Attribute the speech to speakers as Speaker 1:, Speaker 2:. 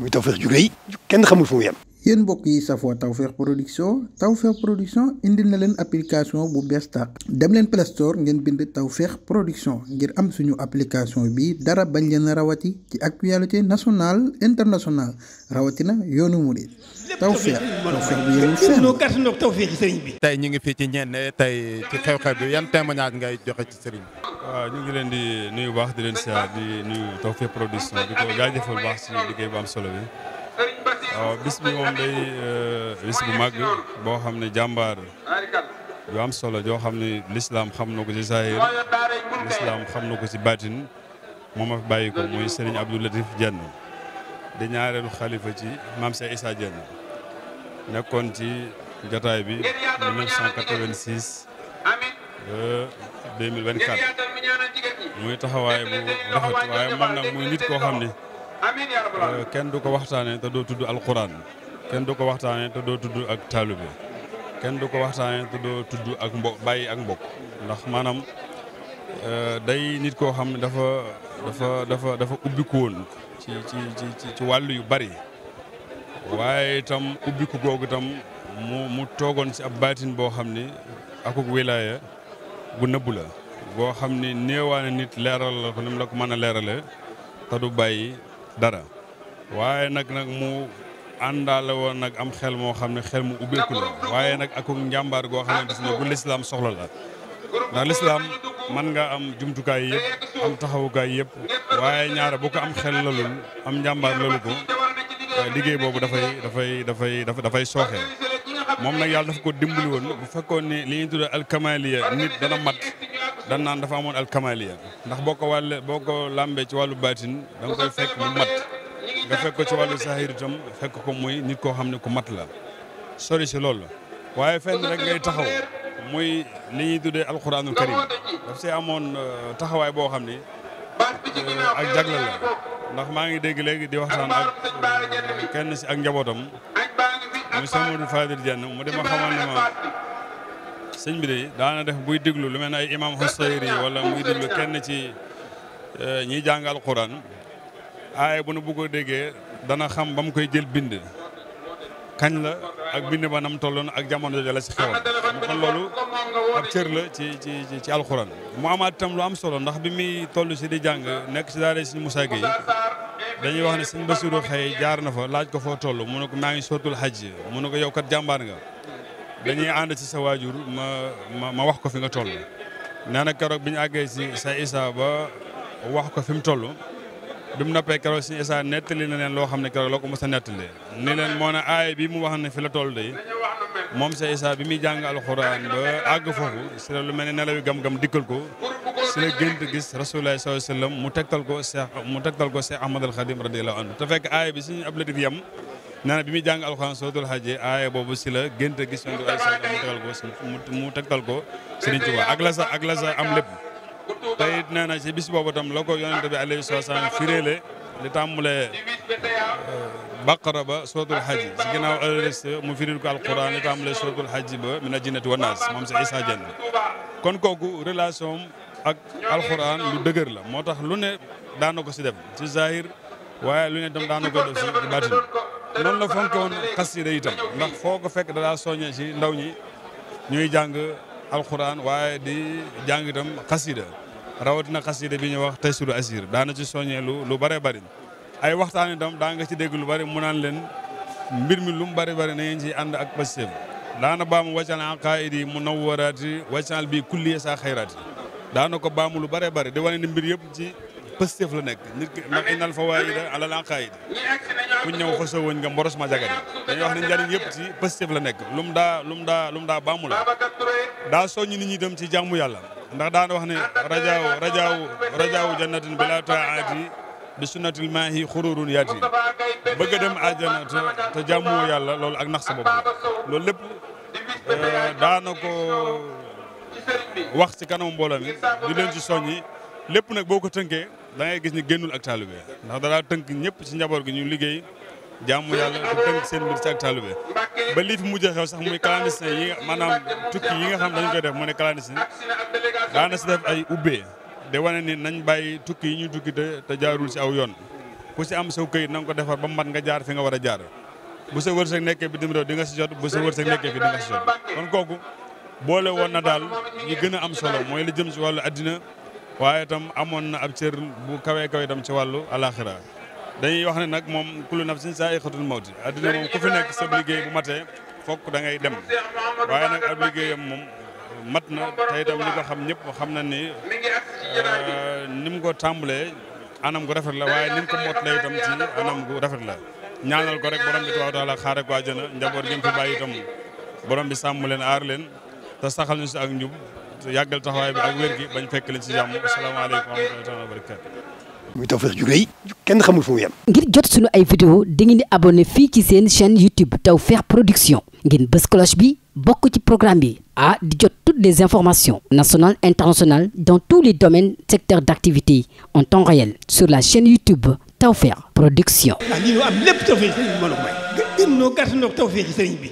Speaker 1: muy Tawfekh ju rëy kenn xamul fu mu yem. yéen mbokk yi safoo Tawfekh production Tawfekh production indil na leen application bu bees tàq dem leen Play Store ngeen bind Tawfekh production ngir am suñu application bi dara bañ leen rawati ci actualité nationale internationale rawatina yoonu murid Tawfekh Tawfekh bi yéen seen. tey ñu ngi fii ci ñenn tey ci xew-xew bi yan témoignage joxe ci sëriñ waa ñu ngi leen di nuyu baax di leen siyaar di nuyu Tawfekh Production di ko jaajëfal baax si liggéey bu am solo bi waaw bis bi moom day euh, bis bu mag boo xam ne jàmbaar yu am solo joo xam ne lislaam xam na ko ci saahir xam na ko ci baatin moom a fi bàyyi ko mooy Serigne Abdou Latif di ñaareelu xalifa ci Mame Cheikh Issa Diène nekkoon ci jataay bi 1986 ba 2024 muy taxawaay bu rafet waaye moom nag muy nit koo xam ne euh, kenn du ko waxtaanee te doo tudd alquran kenn du ko waxtaanee te doo tudd ak taalibe kenn du ko waxtaanee te doo tudd ak mbo bàyyi ak mbokk ndax maanaam euh, day nit koo xam ne dafa dafa dafa dafa ubbiku woon ci ci ci ci wàllu yu bari waaye itam ubbiku googu itam mu mu toogoon ci ab baatin boo xam ni akuk wilaaya bu nëbbu la. boo xam ni néewaane nit leeral la ko ni mu la ko mën a leeralee te du bàyyi dara waaye nag nag mu àndaale woon nag am xel moo xam ne xel mu ubbeeku la waaye nag akuk njàmbaar goo xam ne bu lislaam soxla la ndax lislaam mën nga am jumtukaay yëpp am taxawukaay yëpp waaye ñaare boo ko am xel lalul am njàmbaar lalu ko eh, liggéey boobu dafay dafay dafay dafay sooxee moom nag yàlla dafa ko dimbali woon bu fekkoon ni li ñuy tuddee nit dan naan dafa amoon alkamaliya ndax boo ko wàlle boo ko làmbee ci wàllu baatin da koy fekk mu matt nga fekk ko ci wàllu sahir itam fekk ko muy nit koo xam ne ku mat la sori si loolu waaye fenn rek ngay taxaw muy li ñuy tuddee alquranul karim daf see amoon euh, taxawaay boo xam ne euh, ak jagle la ndax maa ngi dégg léegi di waxtaan ak euh, kenn si ak njabootam muy Samadou Fadir Dieng mu dema xamal ne ma sëñ bi de daana def buy diglu lu mel ne ay imam Xusayri wala muy diglu kenn ci euh, ñiy jàng alquran aaye bu nu buggoo déggee dana xam ba mu koy jël bind kañ la ak bind ba nam tolloon ak jamono jooju la si xewoon kon loolu ab cër la ci ci ci alxuraan mu amaat itam lu am solo ndax bi muy toll si di jàng nekk si daara Sëñ Musaa Gey dañuy wax ne Sëñ Basiru xëy jaar na fa laaj ko foo toll mu ne naa maa ngi sootul xaj mu na ko yow kat jàmbaar nga dañuy ànd ci sa waajur ma ma ma wax ko fi nga toll. nee na keroog bi ñu àggee si sa Isa ba wax ko fi mu toll bi mu noppee keroog si Isa nettali na leen loo xam ne keroog loo ko mos sa nettali ni leen moo ne aay bi mu wax ne fi la toll de moom sa Isa bi muy jàng alxuraan ba àgg foofu si la lu mel ne nelawi gam-gam dikkal ko si la gént gis rasulilah sallallahu alayhi wa sallam mu tegtal ko Cheikh mu tegtal ko Cheikh Ahmad al Khadim radiyallahu anhu te fekk aay bi suñu ab latif yam nee bi muy jàng alxuraan suratul hajj aaya boobu si la génte gis yonent bi alayhi salaam mu tegal ko mu tegtal ko Sëriñ Tuubaa ak la sa ak la sa am lépp te it nee na si bis boobu tam la ko yonent bi alayhi salaam firéele li tàmbalee euh, baqara ba suratul hajj si ginnaaw alres mu firil ko alxuraan li tàmbalee suratul hajj ba mina jinnati wa naas moom si Issa Dieng kon kooku relation ak alxuraan lu dëgër la moo tax lu ne daana ko si def si zahir waaye lu ne tam daana ko def si baatin noonu la fonke woon xasida itam ndax foo ko fekk da daa soññee ci ndaw ñi ñuy jàng alxuraan waaye di jàng itam xasida rawatina xasida bi ñuy wax tasiru asir daana ci soñee lu lu bare bari ay waxtaan itam daa nga ci dégg lu bari mu naan leen mbir mi lu mu bari bari na ngeen ci ànd ak pastéef daana baamu waccal aqaid yi mu nawwaraati waccal bi kulliye sa xayraati daana ko baamu lu bare bari di wane ni mbir yëpp ci pastéef la nekk nit ki ndax alal aqaid ku ñëw xësoo woñ nga mboros ma jagari dañuy wax ne njariñ yëpp ci positif la nekk lu mu daa lu daa lu mu daa baamu la daa soññ nit ñi dem ci jàmmu yàlla ndax daan wax ne rajaaw rajaaw rajaaw jannatin bila taati bi sunnatil maahi xururun yaati bëgg a dem àjjana te jàmmoo yàlla lool ak nax sa bopp loolu lépp euh, daana ko wax ci kanamu mbooloo mi leen ci soññi lépp nag boo ko tënkee da ngay gis ni génnul ak taalibe ndax danaa tënk ñëpp ci njaboot gi ñu liggéey jaamu yàlla di tënk seen mbir ci ak taalibe ba lii fi mujj xew sax muy clandestin yi maanaam tukki yi nga xam dañu koy def mu ne clandestin daana si def ay ubbee de wane ni nañ bàyyi tukki yi ñuy tukki te te jaarul si aw yoon ku si am saw këyit na nga ko defar ba mat nga jaar fi nga war a jaar bu sa wërsëg nekkee bitim réew di nga si jot bu sa wërsëg nekkee fi di nga si boole woon na daal ñi gën am solo mooy li jëm si wàllu addina waaye itam amoon na ab cër bu kawee kawe itam ci wàllu alaxira dañuy wax ne nag moom kullu nafsin zaa'iqatul mawti adduna moom ku fi nekk sa liggéey bu matee fokk da ngay dem waaye nag ab liggéeyam moom mat na te itam li ko xam ñëpp xam na ni euh, ni mu ko tàmbalee anam gu rafet la waaye ni mu ko mottalee itam ci anam gu rafet la ñaanal ko rek borom bi tabaaraka taala xaare ko àjjana njaboot gi fi bàyyi itam borom bi sàmm leen aar leen te saxal ñu si ak njub yàggal taxawaay bi ak wér gi bañ fekk leen ci jàmm asalaamaaleykum wa rahmatullaahi wa barakaatu. muy Tawfekh ju rëy kenn xamul fu mu yem. ngir jot sunu ay vidéo dangeen di abonné fii ci seen chaîne YouTube Tawfekh Production ngeen bës cloche bi bokk ci programme bi ah di jot toutes les informations nationales internationales dans tous les domaines secteurs d'activité en temps réel sur la chaîne YouTube Tawfekh Production. ah lii loo am lépp Tawfekh sëriñ bi mbooloo mooy. gën gën ñoo gàtt ñoo Tawfekh sëriñ bi.